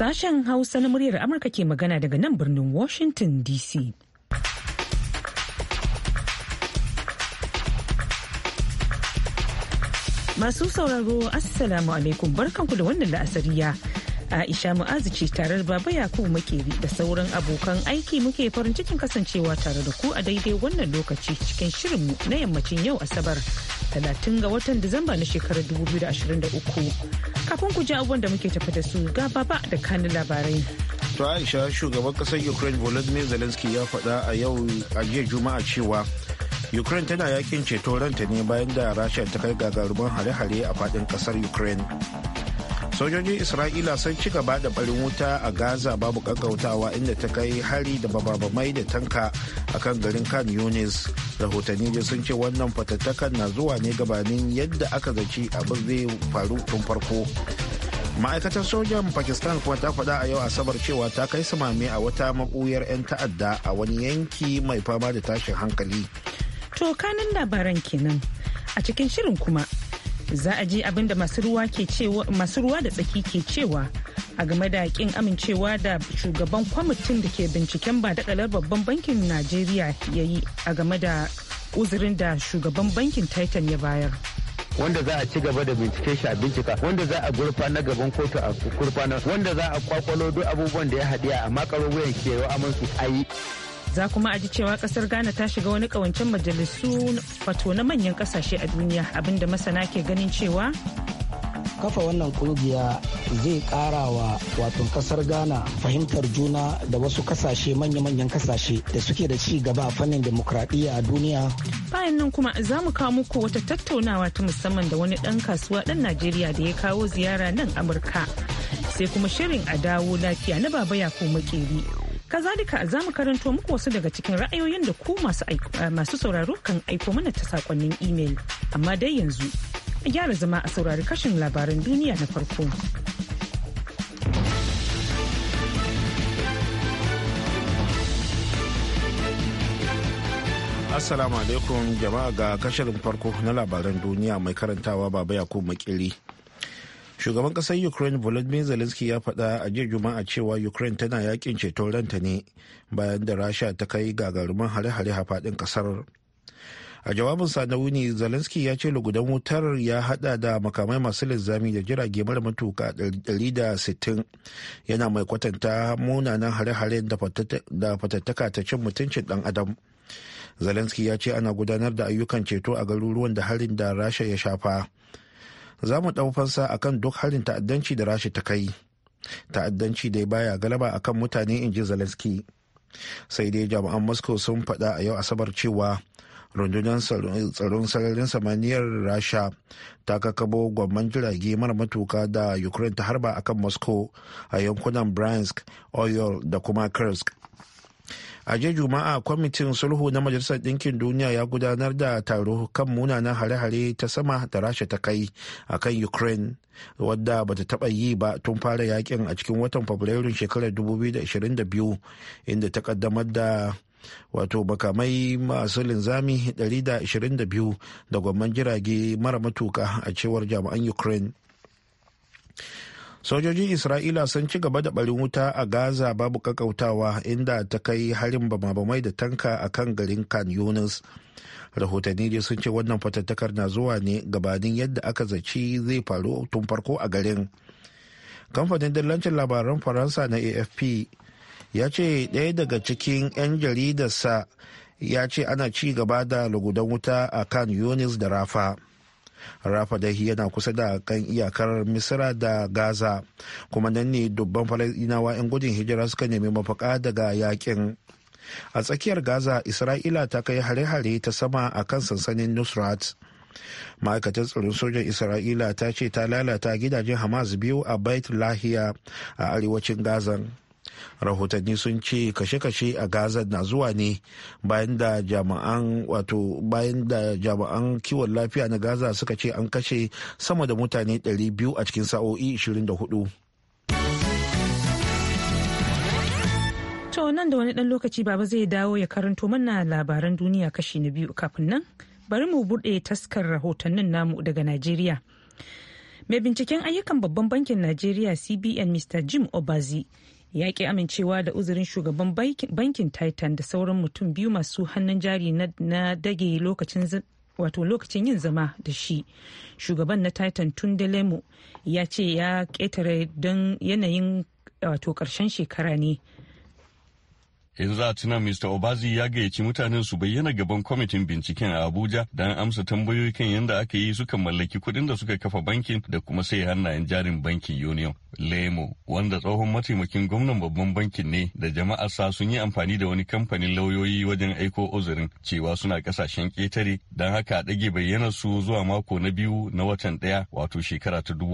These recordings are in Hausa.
Sashen Hausa na muryar Amurka ke magana daga nan birnin Washington DC. Masu sauraro Assalamu alaikum barkanku da wannan la'asariya. Aisha Mu'azu ce tare da Baba Yakubu Makeri da sauran abokan aiki muke farin cikin kasancewa tare da ku a daidai wannan lokaci cikin shirinmu na yammacin yau Asabar 30 ga watan Disamba na shekarar 2023. Kafin ku ji abubuwan da muke tafi da su ga baba da kan labarai. To Aisha shugaban kasar Ukraine Volodymyr Zelensky ya faɗa a yau a jiya Juma'a cewa Ukraine tana yakin ceto ranta ne bayan da Rasha ta kai gagarumin hare-hare a faɗin kasar Ukraine. sojojin isra'ila sun ci gaba da barin wuta a gaza babu kakautawa inda ta kai hari da bababamai da tanka a kan garin kan yunis rahotanni da sun ce wannan fatattakan na zuwa ne gabanin yadda aka zaci abin zai faru tun farko ma'aikatar sojan pakistan kuma ta faɗa a yau asabar cewa ta kai samame a wata makuyar 'yan ta'adda a wani yanki mai fama da tashin hankali to kanin labaran kenan a cikin shirin kuma za a ji abin da masu ruwa da tsaki ke cewa a game da kin amincewa da shugaban kwamitin da ke binciken badakalar babban bankin najeriya ya yi a game da uzurin da shugaban bankin titan ya bayar wanda za a ci gaba da bincike shi a bincika wanda za a na gaban kotu a gurfa wanda za a kwakwalo duk abubuwan da ya haɗiya a makaro wuyan kewa amansu a yi za kuma a ji cewa kasar ghana ta shiga wani kawancen majalisu fato na manyan kasashe a duniya abinda masana ke ganin cewa kafa wannan kungiya zai kara wa wato kasar ghana fahimtar juna da wasu kasashe manya-manyan kasashe da suke da ci gaba a fannin demokradiyya a duniya bayan nan kuma za mu kawo muku wata tattaunawa ta musamman da wani dan kasuwa dan najeriya da ya kawo ziyara nan amurka sai kuma shirin a dawo lafiya na baba ko makeri Kazalika za mu karanto muku wasu daga cikin ra'ayoyin da ku masu eh, sauraro kan aiko mana ta sakonnin imel. Amma dai yanzu, a gyara zama a saurari kashin labaran duniya na farko. Assalamu alaikum jama'a ga kashirin farko na labaran duniya mai karantawa baba Yakubu Makili. shugaban kasar ukraine volodymyr zelensky ya faɗa a jiya juma'a cewa ukraine tana yakin ceton ranta ne bayan da rasha ta kai gagarumin hare-hare a faɗin kasar a jawabinsa na wuni zelensky ya ce lugudan wutar ya hada da makamai masu linzami da jirage mara matuka 160 yana mai kwatanta munanan hare-haren da fatattaka ta cin mutuncin dan adam zelensky ya ce ana gudanar da ayyukan ceto a garuruwan da harin da rasha ya shafa za mu ɗau fansa kan duk harin ta'addanci da rashi ta kai ta'addanci dai baya galaba a kan mutane in ji zelensky sai dai jami'an moscow sun faɗa a yau asabar cewa rundunar tsaron sararin samaniyar rasha ta kakabo gwamman jirage mara matuka da ukraine ta harba akan moscow a yankunan bryansk oil da kuma kursk a jiya juma'a kwamitin sulhu na majalisar ɗinkin duniya ya gudanar da taro kan munanan hare-hare ta sama da rasha ta kai a kan ukraine wadda bata ta taɓa yi ba tun fara yakin a cikin watan fabrairun shekarar 2022 inda ta kaddamar da wato makamai masu linzami 122 da gwamman jirage mara matuka a cewar jami'an ukraine sojojin isra'ila sun ci gaba da barin wuta a gaza babu kakautawa inda ta kai harin bamabamai da tanka a kan garin kan yunus rahotanni dai sun ce wannan fatattakar na zuwa ne gabanin yadda aka zaci zai faru tun farko a garin kamfanin dillancin labaran faransa na afp ya ce ɗaya daga cikin 'yan jaridarsa ya ce ana ci gaba da lugudan wuta a kan yunis da rafa rafadahi yana kusa da kan iyakar misira da gaza kuma nan ne dubban falasɗinawa 'yan gudun hijira suka nemi mafaka daga yakin a tsakiyar gaza isra'ila ta kai hare-hare ta sama a kan sansanin nusrat ma'aikatar tsaron sojan isra'ila ta ce ta lalata gidajen hamas biyu a bait lahiya a arewacin gazan rahotanni sun ce kashe-kashe a gaza na zuwa ne bayan da jami'an wato bayan da jami'an kiwon lafiya na gaza suka ce an kashe sama da mutane 200 a cikin sa'o'i 24 To nan da wani ɗan lokaci baba zai dawo ya karanto mana labaran duniya kashi na biyu kafin nan bari mu buɗe taskar rahotannin namu daga Najeriya. Mai binciken ayyukan babban bankin Najeriya CBN Mr. Jim Obazi ya ki amincewa da uzurin shugaban bankin titan da sauran mutum biyu masu hannun jari na dage lokacin wato lokacin yin zama da shi shugaban na titan tun lemo ya ce ya ketare don yanayin wato karshen shekara ne in za a tuna mr obazi ya gayyaci mutanen su bayyana gaban kwamitin binciken a abuja don amsa tambayoyi kan yadda aka yi suka mallaki kuɗin da suka kafa bankin da kuma sai hannayen jarin bankin union lemo wanda tsohon mataimakin gwamnan babban bankin ne da jama'a sa sun yi amfani da wani kamfanin lauyoyi wajen aiko uzurin cewa suna kasashen ketare don haka a ɗage bayyanar su zuwa mako na biyu na watan ɗaya wato shekara ta da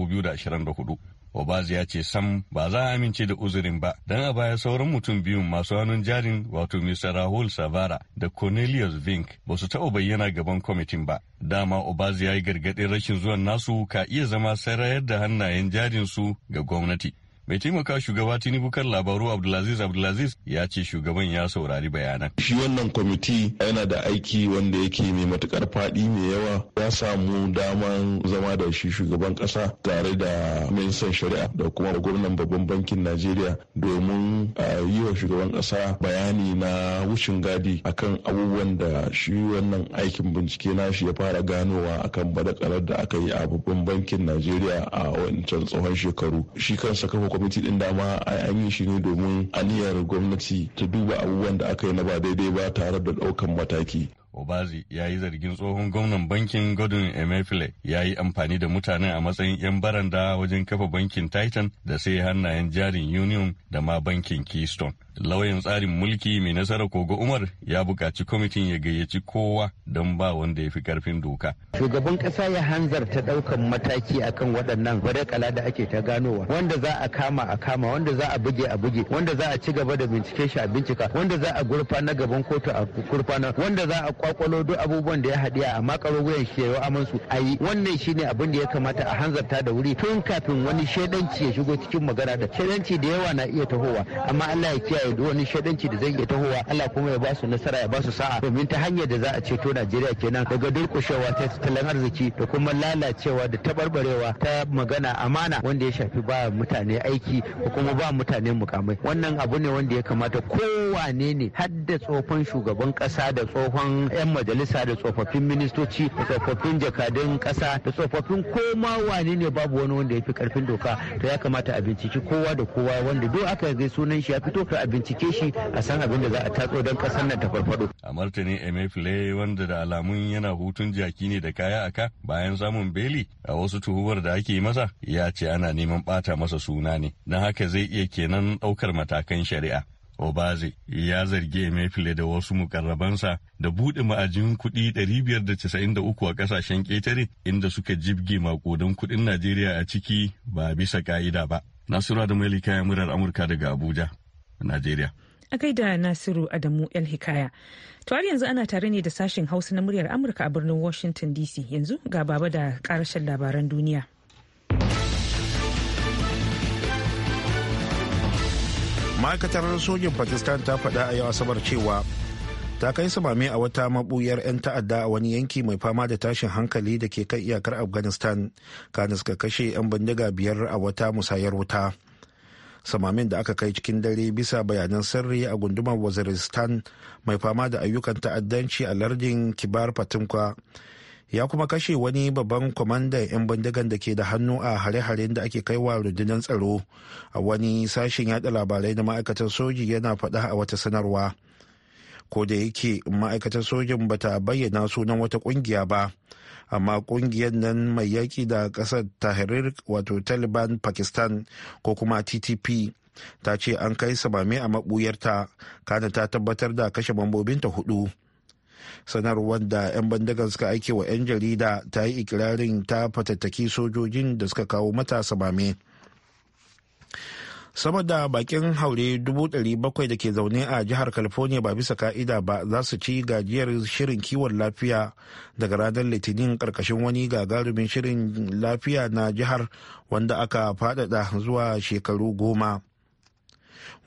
hudu. Obaz ya ce sam ba za a amince da uzurin ba don a baya sauran mutum biyun masu hannun jarin wato Mr. Rahul Savara da Cornelius Vink ba su taɓa bayyana gaban kwamitin ba. Dama Obaz ya yi gargaɗin rashin zuwan nasu ka iya zama sarayar da hannayen jarin su ga gwamnati. Mai taimaka shugaba Tinubu kan labaru Abdulaziz Abdulaziz ya ce shugaban ya saurari bayanan. Shi wannan kwamiti yana da aiki wanda yake mai matukar faɗi mai yawa ya samu daman zama da shi shugaban ƙasa tare da minisan shari'a da kuma gwamnan babban bankin Najeriya domin yi wa shugaban ƙasa bayani na wucin gadi akan abubuwan da shi wannan aikin bincike shi ya fara ganowa akan badakarar da aka yi a babban bankin Najeriya a wancan tsohon shekaru. Shi kansa kafa kwamiti din dama an yi shi ne domin aniyar gwamnati ta duba abubuwan da aka yi na ba daidai ba tare da ɗaukan mataki Obazi ya yi zargin tsohon gwamnan bankin Godwin Emefile ya yi amfani da mutanen a matsayin 'yan baranda wajen kafa bankin Titan da sai hannayen jarin Union da ma bankin Keystone. lauyan tsarin mulki mai nasara kogo umar ya buƙaci kwamitin ya gayyaci kowa don ba wanda ya fi karfin doka shugaban ƙasa ya hanzarta ɗaukan mataki akan waɗannan kala da ake ta ganowa wanda za a kama a kama wanda za a buge a buge wanda za a ci gaba da bincike shi a bincika wanda za a na gaban kotu a gurfana wanda za a kwakwalo duk abubuwan da ya haɗe a makaro wuyan shi yayi aman su a yi wannan shine abin da ya kamata a hanzarta da wuri tun kafin wani shaidanci ya shigo cikin magana da shaidanci da yawa na iya tahowa amma Allah ya kiyaye kiyaye wani shaidanci da zai iya tahowa Allah kuma ya ba su nasara ya ba su sa'a domin ta hanyar da za a ceto Najeriya kenan daga durƙushewa ta tattalin arziki da kuma lalacewa da tabarbarewa ta magana amana wanda ya shafi ba mutane aiki ko kuma ba mutane mukamai wannan abu ne wanda ya kamata kowane ne har da tsohon shugaban kasa da tsohon 'yan majalisa da tsofaffin ministoci da tsofaffin jakadun kasa da tsofaffin koma wane ne babu wani wanda ya fi karfin doka to ya kamata a binciki kowa da kowa wanda duk aka ga sunan shi ya fito to a bincike shi a san abin da za a tatso don kasar nan ta farfado. A martanin MFLA wanda da alamun yana hutun jaki ne da kaya aka bayan samun beli a wasu tuhuwar da ake masa ya ce ana neman bata masa suna ne don haka zai iya kenan daukar matakan shari'a. Obaze ya zargi emefile da wasu mukarrabansa da buɗe ma'ajin kuɗi 593 a ƙasashen ƙetare inda suka jibge maƙudan kuɗin Najeriya a ciki ba bisa ƙa'ida ba. Nasiru da Malika ya murar Amurka daga Abuja, Najeriya. A gaida Nasiru Adamu El Hikaya. har yanzu ana tare ne da sashen Hausa na muryar Amurka a birnin Washington DC yanzu ga baba da karashen labaran duniya. Ma'aikatar sojin Pakistan ta faɗa a yau Asabar cewa ta kai samame a wata mabuyar 'yan ta'adda a wani yanki mai fama da tashin hankali da ke kan iyakar afghanistan kanis suka kashe 'yan bindiga biyar a wata musayar wuta samamin da aka kai cikin dare bisa bayanan sirri a gundumar waziristan mai fama da ayyukan ta'addanci a lardin kibar fatimka ya kuma kashe wani babban kwamandan 'yan bindigan da ke da hannu a hare-haren da ake kaiwa rundunar tsaro a wani sashen yada labarai na ma'aikatar soji yana faɗa a wata sanarwa ko da yake ma'aikatar sojin bata bayyana sunan wata ƙungiya ba amma kungiyar nan mai yaƙi da ƙasar tahrir wato taliban pakistan ko kuma ttp ta ce an kai samame a maɓuyarta kana ta tabbatar da kashe mambobinta hudu sanarwar da 'yan bandagar suka aike wa 'yan jarida ta yi ikirarin ta fatattaki sojojin da suka kawo mata samame sama da bakin haure 700,000 da ke zaune a jihar california ba bisa ka'ida ba za su ci gajiyar shirin kiwon lafiya daga ranar litinin karkashin wani gagarumin shirin lafiya na jihar wanda aka fadada zuwa shekaru goma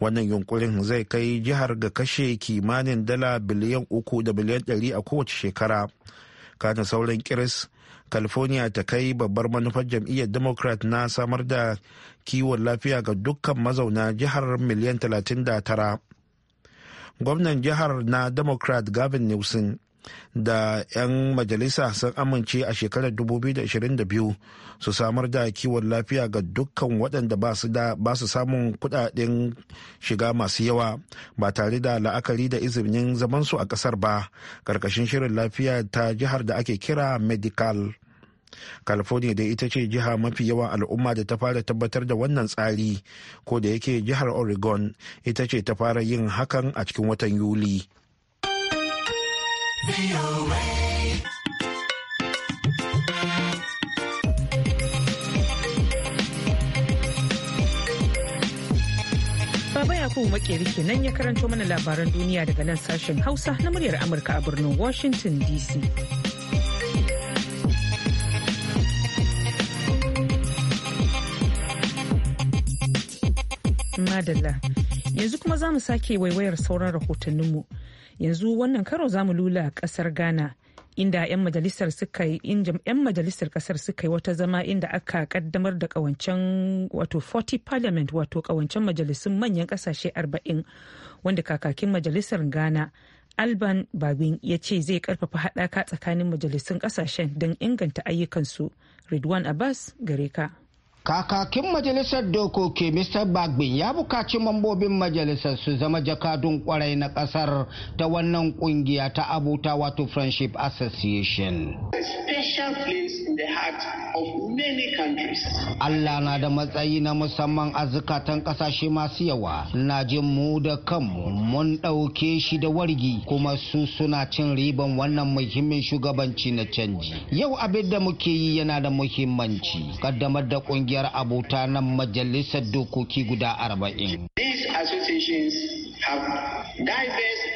wannan yunkurin zai kai jihar ga kashe kimanin dala biliyan uku da biliyan ɗari a kowace shekara kana sauran kiris california ta kai babbar manufar jam'iyyar democrat na samar da kiwon lafiya ga dukkan mazauna jihar miliyan 39 gwamnan jihar na democrat gavin newsom da 'yan majalisa sun amince a shekarar 2022 su samar da kiwon lafiya ga dukkan waɗanda ba su samun kudaden shiga masu yawa ba tare da la'akari da izinin zamansu a ƙasar ba ƙarƙashin shirin lafiya ta jihar da ake kira medical. california dai ita ce jiha mafi yawan al'umma da ta fara tabbatar da wannan tsari ko da yake jihar oregon ita ce ta fara yin hakan a cikin watan yuli Baba Yakubu Makeri kenan ya karanto mana labaran duniya daga nan sashen Hausa na muryar Amurka a birnin Washington DC. Madalla. Yanzu kuma za mu sake waiwayar sauran rahotanninmu. Yanzu wannan karo za mu lula kasar Ghana. Inda 'yan majalisar suka yi 'yan majalisar kasar suka yi wata zama inda aka kaddamar da kawancen wato 40 parliament wato kawancen majalisun manyan kasashe 40 wanda kakakin majalisar Ghana Alban Babin ya ce zai karfafa haɗaka tsakanin majalisun kasashen don inganta ayyukansu. Ridwan Abbas gare ka. Kakakin majalisar dokoki Mr. Bagbin ya bukaci mambobin majalisar su zama jakadun kwarai na kasar ta wannan kungiya ta abuta wato Friendship Association. Allah na da matsayi na musamman a zukatan kasashe masu yawa. Na jin mu da kanmu mun ɗauke shi da wargi kuma su suna cin riban wannan muhimmin shugabanci na canji. Yau abin da muke yi yana da muhimmanci. Kaddamar da kungiya kungiyar abota na majalisar dokoki guda arba'in. These associations have diverse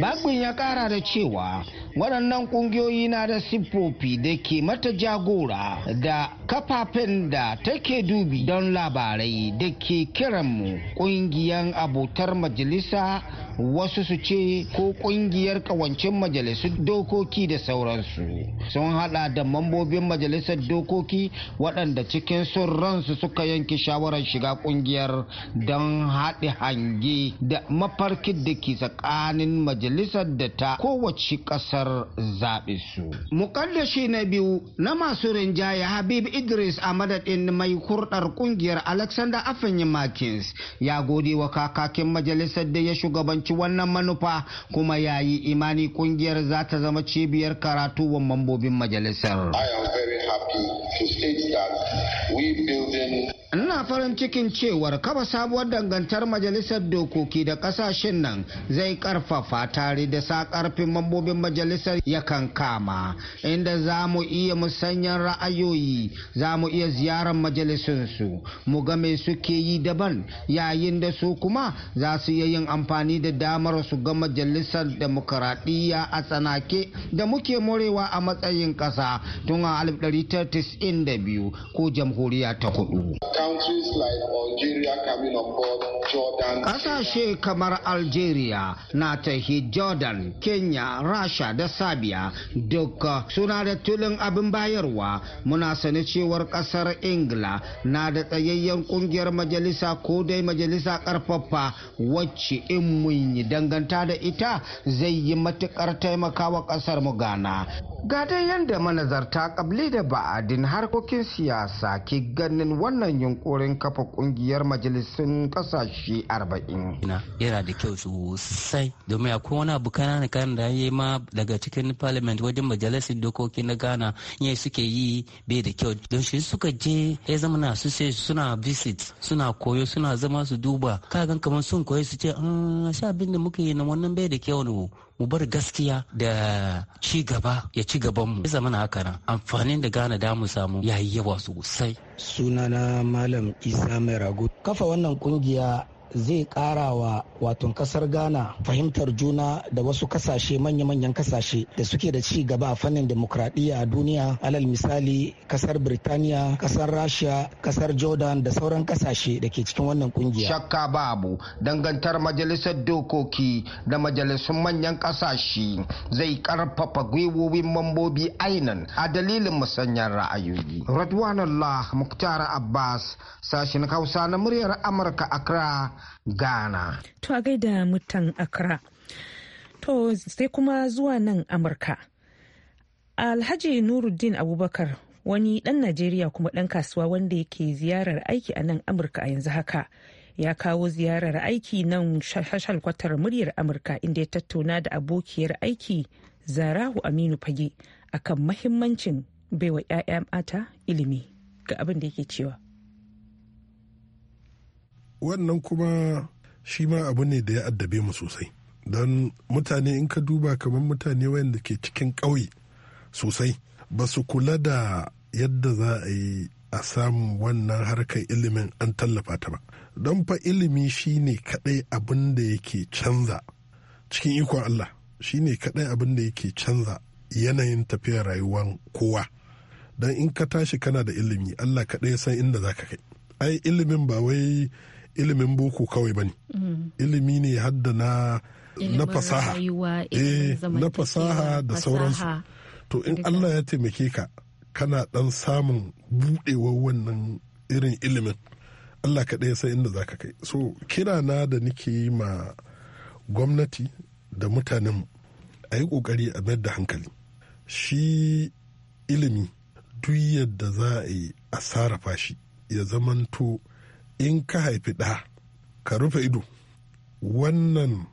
Bagbin ya kara da cewa waɗannan ƙungiyoyi na da siffofi da ke mata jagora da kafafen da take dubi don labarai da ke kiranmu ƙungiyan abotar majalisa wasu su ce ko ƙungiyar ƙawancin majalisun dokoki da sauransu sun hada da mambobin majalisar dokoki waɗanda cikin sun ransu suka yanke shawarar shiga ƙungiyar don haɗe hange da mafarkin da ke tsakanin tsakanin majalisar da ta kowace ƙasar zaɓe su. Mukaddashi na biyu na masu rinjaye Habib Idris a madadin mai kurɗar ƙungiyar Alexander Afanyi Makins ya gode wa kakakin majalisar da ya shugabanci wannan manufa kuma ya yi imani ƙungiyar za ta zama cibiyar karatu wa mambobin majalisar. I am very happy to state that we farin cikin cewar kafa sabuwar dangantar majalisar dokoki da kasashen nan zai karfafa tare da sa karfin mambobin majalisar yakan kama inda za mu iya musanyen ra'ayoyi za mu iya ziyarar majalisunsu mu ga me suke yi daban yayin da su kuma za su iya yin amfani da damar su ga majalisar demokuraɗiyya a tsanake da muke morewa a matsayin ƙasa tun a 1992 ko jamhuriya ta hudu. Ƙasashe kamar Algeria na tahi Jordan, Kenya, Rasha da Sabia duk suna da tulin abin bayarwa muna sani cewar ƙasar Ingila na da tsayayyen ƙungiyar majalisa ko dai majalisa ƙarfafa wacce in mun yi danganta da ita zai yi matuƙar taimakawa ƙasar mu gana Ga dai yadda manazarta ƙabli da ba'adin harkokin siyasa ke ganin wannan yunƙuri wurin kafa kungiyar majalisun kasashe 40 yana da kyau sosai domin akwai wani abu kanana kan da ya ma daga cikin parliament wajen majalisun dokoki na ghana yai suke yi bai da kyau don shi suka je ya zama na su sai suna visit suna koyo suna zama su duba kagan kamar sun koyo su ce a ah, sha abin da muka yi na wannan bai da kyau ne mu bar gaskiya da ci gaba ya ci gaban mu zama haka nan amfanin da Gana da mu samu yayi yawa sosai sunana malam isa mai rago kafa wannan kungiya zai ƙara wa wato ƙasar ghana fahimtar juna da wasu kasashe manya-manyan kasashe da suke da ci gaba a fannin demokradiyya a duniya alal misali kasar birtaniya kasar rasha kasar jordan da sauran kasashe da ke cikin wannan kungiya shakka babu dangantar majalisar dokoki da majalisun manyan kasashe zai karfafa gwiwowin mambobi ainan a dalilin musanyar ra'ayoyi radwanullah muktar abbas sashin hausa na muryar amurka accra Ghana. To a gaida mutan Accra. To sai kuma zuwa nan Amurka. Alhaji Nuruddin Abubakar wani ɗan Najeriya kuma ɗan kasuwa wanda yake ziyarar aiki a nan Amurka a yanzu haka. ya kawo ziyarar aiki nan kwatar muryar amurka inda ya tattauna da abokiyar aiki zarahu aminu fage akan mahimmancin baiwa 'ya'ya mata ilimi ga abin da yake cewa wannan kuma shi ma abu ne da ya addabe mu sosai don mutane in ka duba kamar mutane wayanda ke cikin ƙauye sosai ba su kula da yadda za a yi a samu wannan harkar ilimin an tallafa ta ba don fa ilimi shi ne kaɗai abin da yake canza cikin ikon Allah shi ne kaɗai abin da yake canza yanayin tafiyar rayuwar kowa don in ka tashi kana da ilimi Allah kaɗai san inda za ka kai ai ilimin ba wai ilimin boko kawai ba ne. Mm. ilimi ne hadda na na fasaha eh, na fasaha da sauransu to in Allah ya taimake ka kana dan samun budewar wannan irin ilimin Allah kaɗai sai inda za ka kai so kira na da nike yi ma gwamnati da mutanen a yi ƙoƙari a mayar da hankali shi ilimi duk yadda za a yi a sarrafa shi ya zamanto in ka haifi ɗa ka rufe ido wannan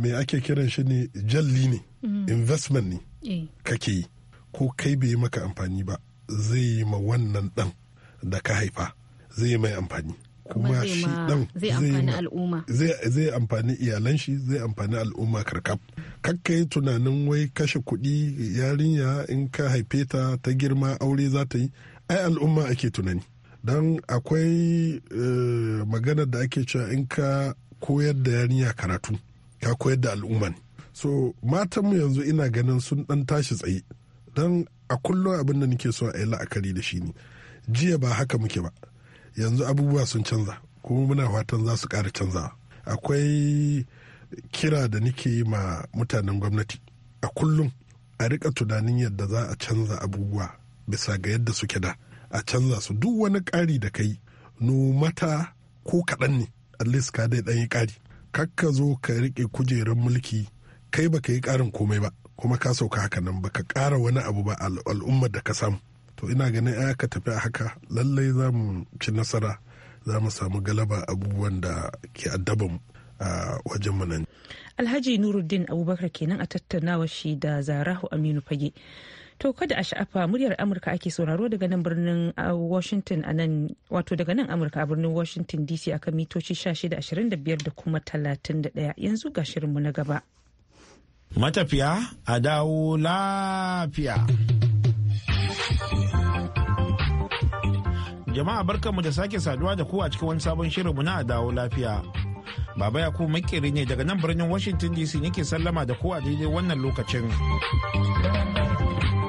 me ake kiran shi ne jalli ne mm. investment ne eh. kake yi ko kai bai yi maka amfani ba zai yi ma wannan ɗan da ka haifa zai yi mai amfani kuma shi ɗan zai amfani iyalan shi zai amfani al'umma karkab kakka yi tunanin wai kashe kuɗi yarinya in ka haife ta ta girma aure za ta yi ai al'umma ake tunani don akwai eh, magana da ake cewa in ka koyar da yarinya karatu ka koyar da al'umma ne so matanmu yanzu ina ganin sun dan tashi tsaye don a kullum abin da nake so a yi la'akari da shi ne jiya ba haka muke ba yanzu abubuwa sun canza kuma muna fatan za su ƙara canza akwai kira da nake yi ma mutanen gwamnati a kullum a rika tunanin yadda za a canza abubuwa bisa ga yadda suke da a canza su duk wani ƙari da kai mata ko kaɗan ne at least ka dai ɗanyi ƙari kakka zo ka riƙe kujerar mulki kai ba ka yi ƙarin komai ba kuma ka sauka haka nan ba ka ƙara wani abu ba al'ummar da ka samu to ina ganin ya ka tafi a haka lallai za mu ci nasara za mu samu galaba abubuwan da ke addaban a wajen mu nan alhaji nuruddin abubakar kenan a tattaunawa shi da zarahu aminu fage To kada a sha'afa muryar Amurka ake sauraro daga nan birnin Washington a nan wato daga nan Amurka a birnin Washington DC kan mitoci 1625 da kuma 31 yanzu ga shirinmu na gaba. Matafiya a dawo lafiya. Jama'a barkanmu da sake saduwa da ku a cikin wani sabon shirinmu na a dawo lafiya. Baba Yakubu makeri ne daga nan birnin Washington DC nake sallama da kowa daidai wannan lokacin.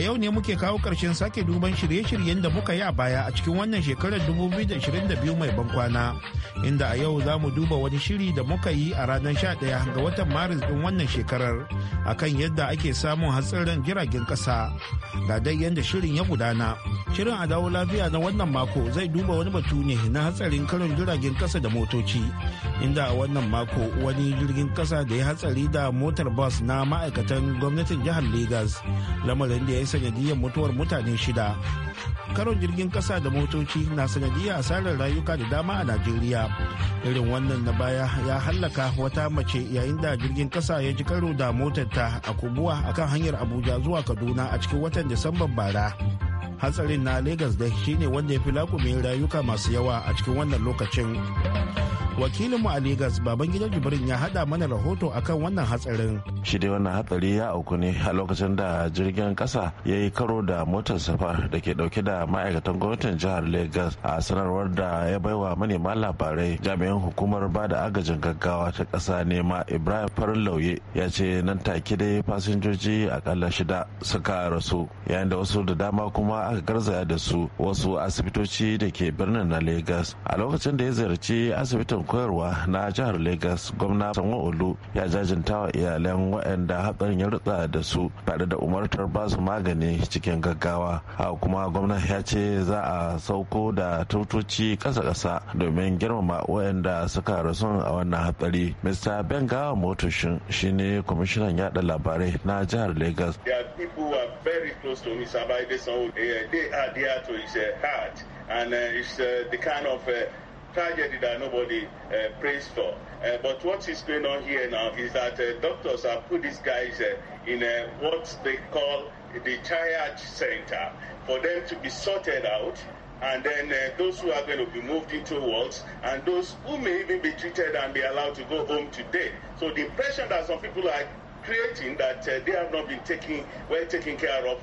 a yau ne muke kawo ƙarshen sake duban shirye-shiryen da muka yi a baya a cikin wannan shekarar 2022 mai bankwana inda a yau za mu duba wani shiri da muka yi a ranar 11 ga watan maris din wannan shekarar akan yadda ake samun hatsarin jiragen ƙasa ga dai yadda shirin ya gudana shirin a dawo lafiya na wannan mako zai duba wani batu ne na hatsarin karin jiragen ƙasa da motoci inda a wannan mako wani jirgin ƙasa da ya hatsari da motar bus na ma'aikatan gwamnatin jihar lagos lamarin da ya sanadiyar mutuwar mutane shida karon jirgin kasa da motoci na sanadiyar asarar rayuka da dama a najeriya irin wannan na baya ya hallaka wata mace yayin da jirgin kasa ya ji karo da motarta a kubuwa akan hanyar abuja zuwa kaduna a cikin watan disamban bara hatsarin na legas da shi ne wanda ya fi lakumin rayuka masu yawa a cikin wannan lokacin wakilinmu a Legas gidan Jibrin ya hada mana rahoto akan wannan hatsarin. Shi dai wannan hatsari ya auku ne a lokacin da jirgin kasa ya yi karo da motar safa da ke dauke da ma'aikatan gwamnatin jihar Legas a sanarwar da ya baiwa manema labarai jami'an hukumar ba da agajin gaggawa ta kasa nema Ibrahim Farin Lauye ya ce nan take dai fasinjoji akalla shida suka rasu yayin da wasu da dama kuma aka garzaya da su wasu asibitoci da ke birnin na Legas a lokacin da ya ziyarci asibitin koyarwa na jihar Legas gwamna Sanwo-Olu ya jajinta wa iyalan waɗanda hatsarin ya rutsa da su tare da umartar ba su magani cikin gaggawa. a kuma gwamna ya ce za a sauko da tutoci ƙasa-ƙasa domin girmama waɗanda suka rasu a wannan hatsari. Mr. bengawa Motoshin shine kwamishinan yada labarai na jihar Legas. Uh, and uh, it's uh, the kind of uh, tragedy that nobody uh, prays for. Uh, but what is going on here now is that uh, doctors have put these guys uh, in uh, what they call the triage center for them to be sorted out. And then uh, those who are going to be moved into wards, and those who may even be treated and be allowed to go home today. So the impression that some people are creating that they have not been taken well taken care of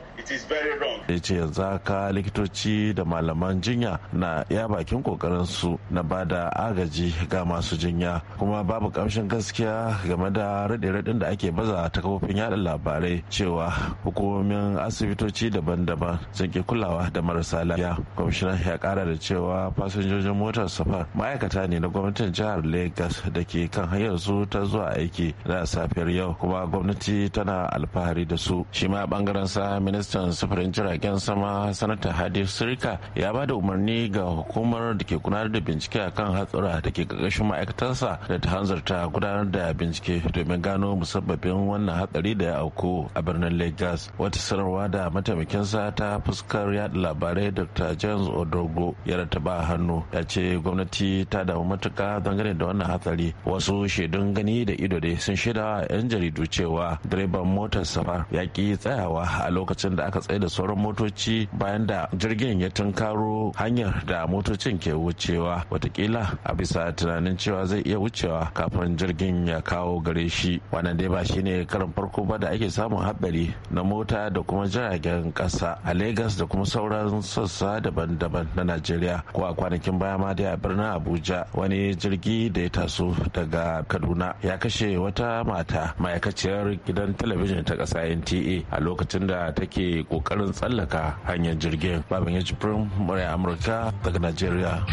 ya ce yanzu haka likitoci da malaman jinya na ya bakin kokarin su na bada agaji ga masu jinya kuma babu kamshin gaskiya game da raɗe-raɗin da ake baza ta kafofin yaɗa labarai cewa hukumomin asibitoci daban-daban sun ki kulawa da marasa lafiya kwamishina ya kara da cewa fasinjojin motar safar ma'aikata ne na gwamnatin jihar lagos da ke kan hanyar su ta zuwa aiki na safiyar yau kuma gwamnati tana alfahari da su shi ma bangaren sa minista ministan sufurin jiragen sama sanata hadi sirika ya ba da umarni ga hukumar da ke gudanar da bincike a kan hatsura da ke ƙarƙashin ma'aikatarsa da ta hanzarta gudanar da bincike domin gano musabbabin wannan hatsari da ya auku a birnin lagos wata sanarwa da mataimakin sa ta fuskar yada labarai dr james odogo ya rataba hannu ya ce gwamnati ta damu matuka dangane da wannan hatsari wasu shaidun gani da ido dai sun shaidawa 'yan jaridu cewa direban motar safar ya ki tsayawa a lokacin da aka tsaye da sauran motoci bayan da jirgin ya tunkaro hanyar da motocin ke wucewa watakila a bisa tunanin cewa zai iya wucewa kafin jirgin ya kawo gare shi wannan dai ba shine karin farko ba da ake samun haɗari na mota da kuma jiragen ƙasa a lagos da kuma sauran sassa daban-daban na najeriya ko a kwanakin baya ma dai a birnin abuja wani jirgi da ya taso daga kaduna ya kashe wata mata ma'aikaciyar gidan talabijin ta ƙasa nta a lokacin da take kokarin tsallaka hanyar jirgin babin ya jibrin murya amurka daga nigeria.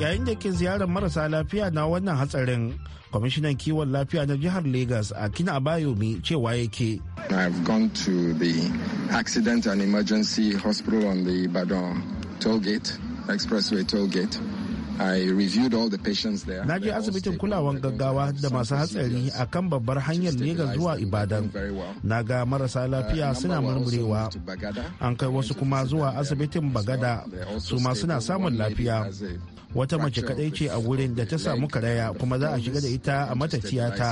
yayin da ke ziyarar marasa lafiya na wannan hatsarin kwamishinan kiwon lafiya na jihar lagos a kina bayomi cewa yake I've gone to the accident and emergency hospital on the Badon toll gate, expressway toll gate. Na je asibitin kulawan gaggawa da masu hatsari a kan babbar hanyar Legas zuwa Ibadan. Na ga marasa uh, lafiya suna murmurewa. An kai wasu kuma zuwa asibitin Bagada su ma suna samun lafiya. wata mace kadai ce a wurin da ta samu karaya kuma za a shiga da ita a matatiyata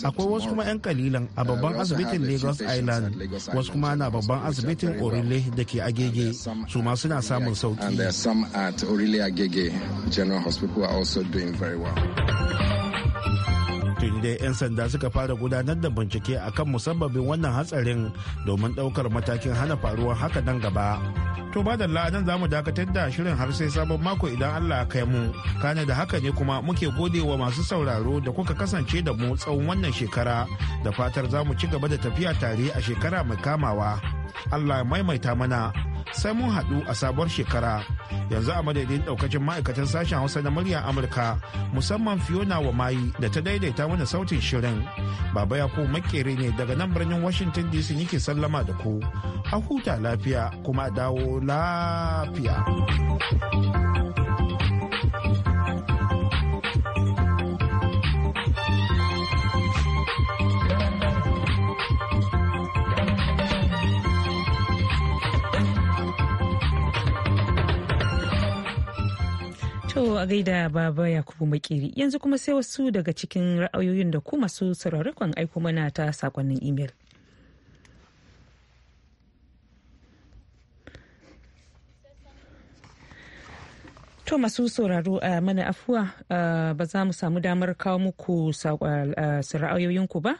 ta akwai wasu kuma 'yan kalilan a babban uh, asibitin lagos island wasu kuma na babban asibitin orile da ke agege su ma suna samun sauki tun dai 'yan sanda suka fara gudanar da bincike akan musabbabin wannan hatsarin domin daukar matakin hana faruwar haka nan gaba To ba da nan za mu dakatar da shirin har sai sabon mako idan Allah ya kai mu. Kane da haka ne kuma muke gode wa masu sauraro da kuka kasance da mu tsawon wannan shekara da fatar za mu ci gaba da tafiya tare a shekara mai kamawa. Allah ya maimaita mana sai mun haɗu a sabuwar shekara yanzu a madadin ɗaukacin ma'aikatan sashen hausa na muryar amurka musamman fiona wa mayi da ta daidaita mana sautin shirin baba ya ku makere ne daga nan birnin washington dc yake sallama da ku a huta lafiya kuma dawo lafiya To a gaida baba Yakubu Makeri yanzu kuma sai wasu daga cikin ra'ayoyin da ku masu sauraron aiko mana ta sakonnin imel. To masu sauraro a mana afuwa ba za mu samu damar kawo muku ra'ayoyinku ba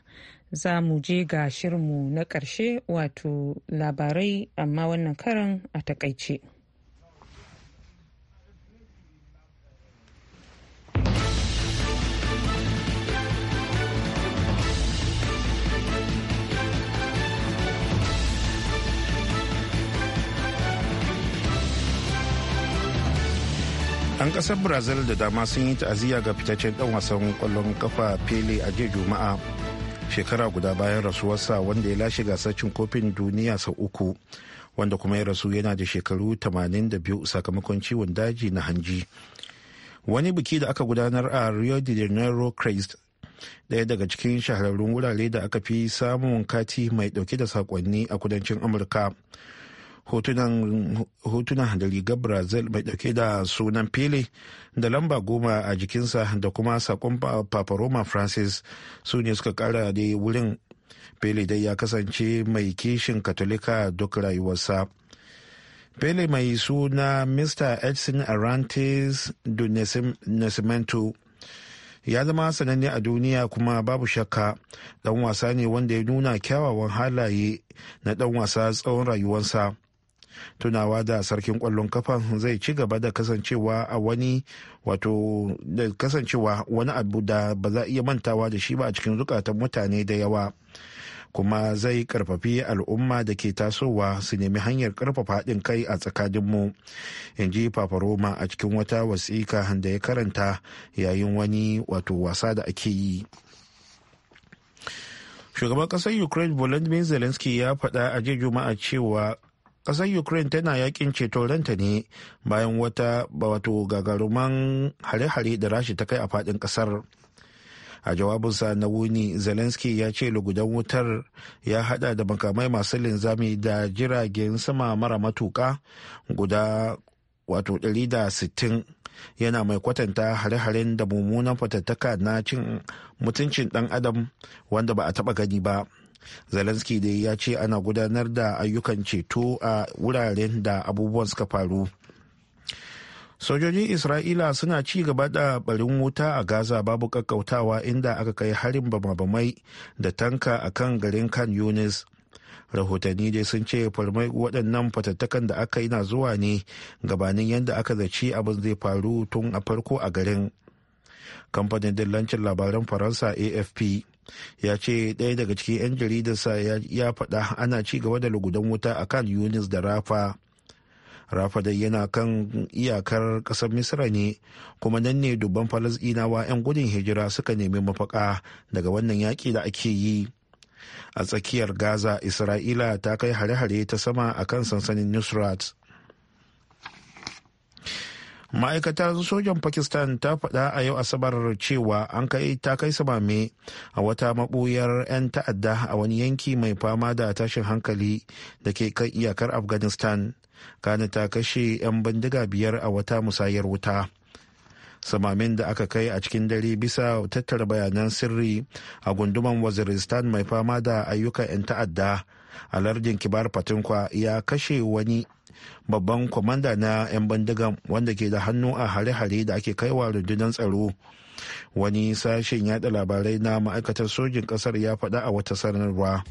za mu je ga shirinmu na ƙarshe wato labarai amma wannan karan a takaice. 'yan kasar brazil da dama sun yi ta'aziyya ga fitaccen dan wasan kwallon kafa pele a jiya juma'a shekara guda bayan rasuwarsa wanda ya lashe gasar cin kofin duniya sau uku wanda kuma ya rasu yana da shekaru 82 sakamakon ciwon daji na hanji wani biki da aka gudanar a rio de janeiro christ daya daga cikin shahararrun wurare da aka fi samun kati mai dauke da sakonni a kudancin amurka hotunan da rigar brazil mai dauke da sunan pele da lamba goma a jikinsa da kuma sakon roma francis su ne suka kara da wurin pele dai ya kasance mai kishin katolika duk rayuwarsa pele mai suna mr edson arantes do nascimento ya zama sananne a duniya kuma babu shakka dan wasa ne wanda ya nuna kyawawan halaye na dan wasa tsawon rayuwarsa tunawa da sarkin kwallon kafan zai ci gaba da kasancewa a wani wato da kasancewa wani abu da ba za a iya mantawa da shi ba a cikin zukatan mutane da yawa kuma zai karfafi al'umma da ke tasowa su nemi hanyar karfafa haɗin kai a mu in ji fafaroma a cikin wata wasiƙa da ya karanta yayin wani wato wasa da ake yi shugaban ƙasar ukraine volodymyr zelensky ya faɗa a jiya juma'a cewa kasar ukraine tana yakin ceto ranta ne bayan wata wato gagaruman hare-hare da rashi ta kai a fadin kasar. a jawabinsa na wuni zelensky ya ce lugudan wutar ya hada da makamai masu linzami da jiragen sama mara matuka guda wato 160 yana mai kwatanta hare-haren da mummunan fatattaka na cin mutuncin dan adam wanda ba a taba gani ba zelensky dai ya ce ana gudanar da ayyukan ceto a wuraren da abubuwan suka faru sojojin isra'ila suna ci gaba da barin wuta a gaza babu kakkautawa inda aka kai harin bamabamai da tanka a kan garin kan yunis rahotanni dai sun ce farmai waɗannan fatattakan da aka yi na zuwa ne gabanin yadda aka zaci abin zai faru tun a farko a garin kamfanin dillancin labaran faransa afp ya ce ɗaya daga cikin 'yan jaridarsa ya faɗa ana ci gaba da lugudan wuta a kan yunis da rafa rafa dai yana kan iyakar ƙasar misra ne kuma nan ne dubban falasɗinawa 'yan gudun hijira suka nemi mafaka daga wannan yaƙi da ake yi a tsakiyar gaza isra'ila ta kai hare-hare ta sama a kan sansanin nusrat ma'aikatar sojan pakistan ta faɗa a yau asabar cewa an kai ta kai samame a wata maɓuyar 'yan ta'adda a wani yanki mai fama da tashin hankali da ke kan iyakar afghanistan kana ta kashe 'yan bindiga biyar a wata musayar wuta samamin da aka kai a cikin dare bisa tattara bayanan sirri a gunduman waziristan mai fama da ayyukan 'yan ta'adda a lardin kibar patinkwa ya kashe wani babban kwamanda na 'yan bandigan wanda ke da hannu a hare-hare da ake kaiwa rundunar tsaro wani sashen yada labarai na ma'aikatar sojin kasar ya faɗa a wata sanarwa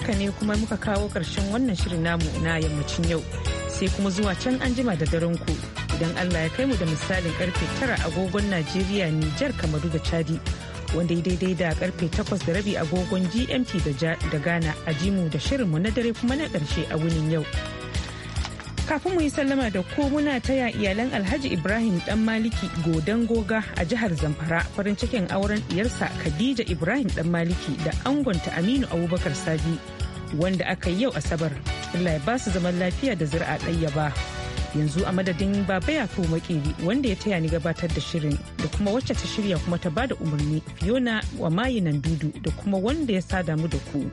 haka ne kuma muka kawo ƙarshen wannan shirin namu na yammacin yau sai kuma zuwa can an jima da daren ku idan allah ya kai mu da misalin karfe tara agogon najeriya nijar kamaru da chadi wanda ya daidai da karfe 8 da rabi agogon gmt da ghana a jimu da shirinmu na dare kuma na karshe a wunin yau kafin mu yi sallama da ko muna taya iyalan alhaji ibrahim dan maliki godan goga a jihar zamfara farin cikin auren diyarsa khadija ibrahim dan maliki da angonta aminu abubakar sabi wanda aka yi yau asabar allah ya ba su zaman lafiya da zira'a ɗayya ba yanzu a madadin baba kuma maƙeri wanda ya taya ni gabatar da shirin da kuma wacce ta shirya kuma ta bada umarni fiona wa mayinan dudu da kuma wanda ya sada mu da ku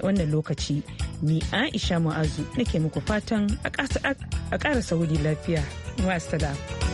wannan lokaci ni aisha mu'azu nake muku fatan a ƙara sauri lafiya masu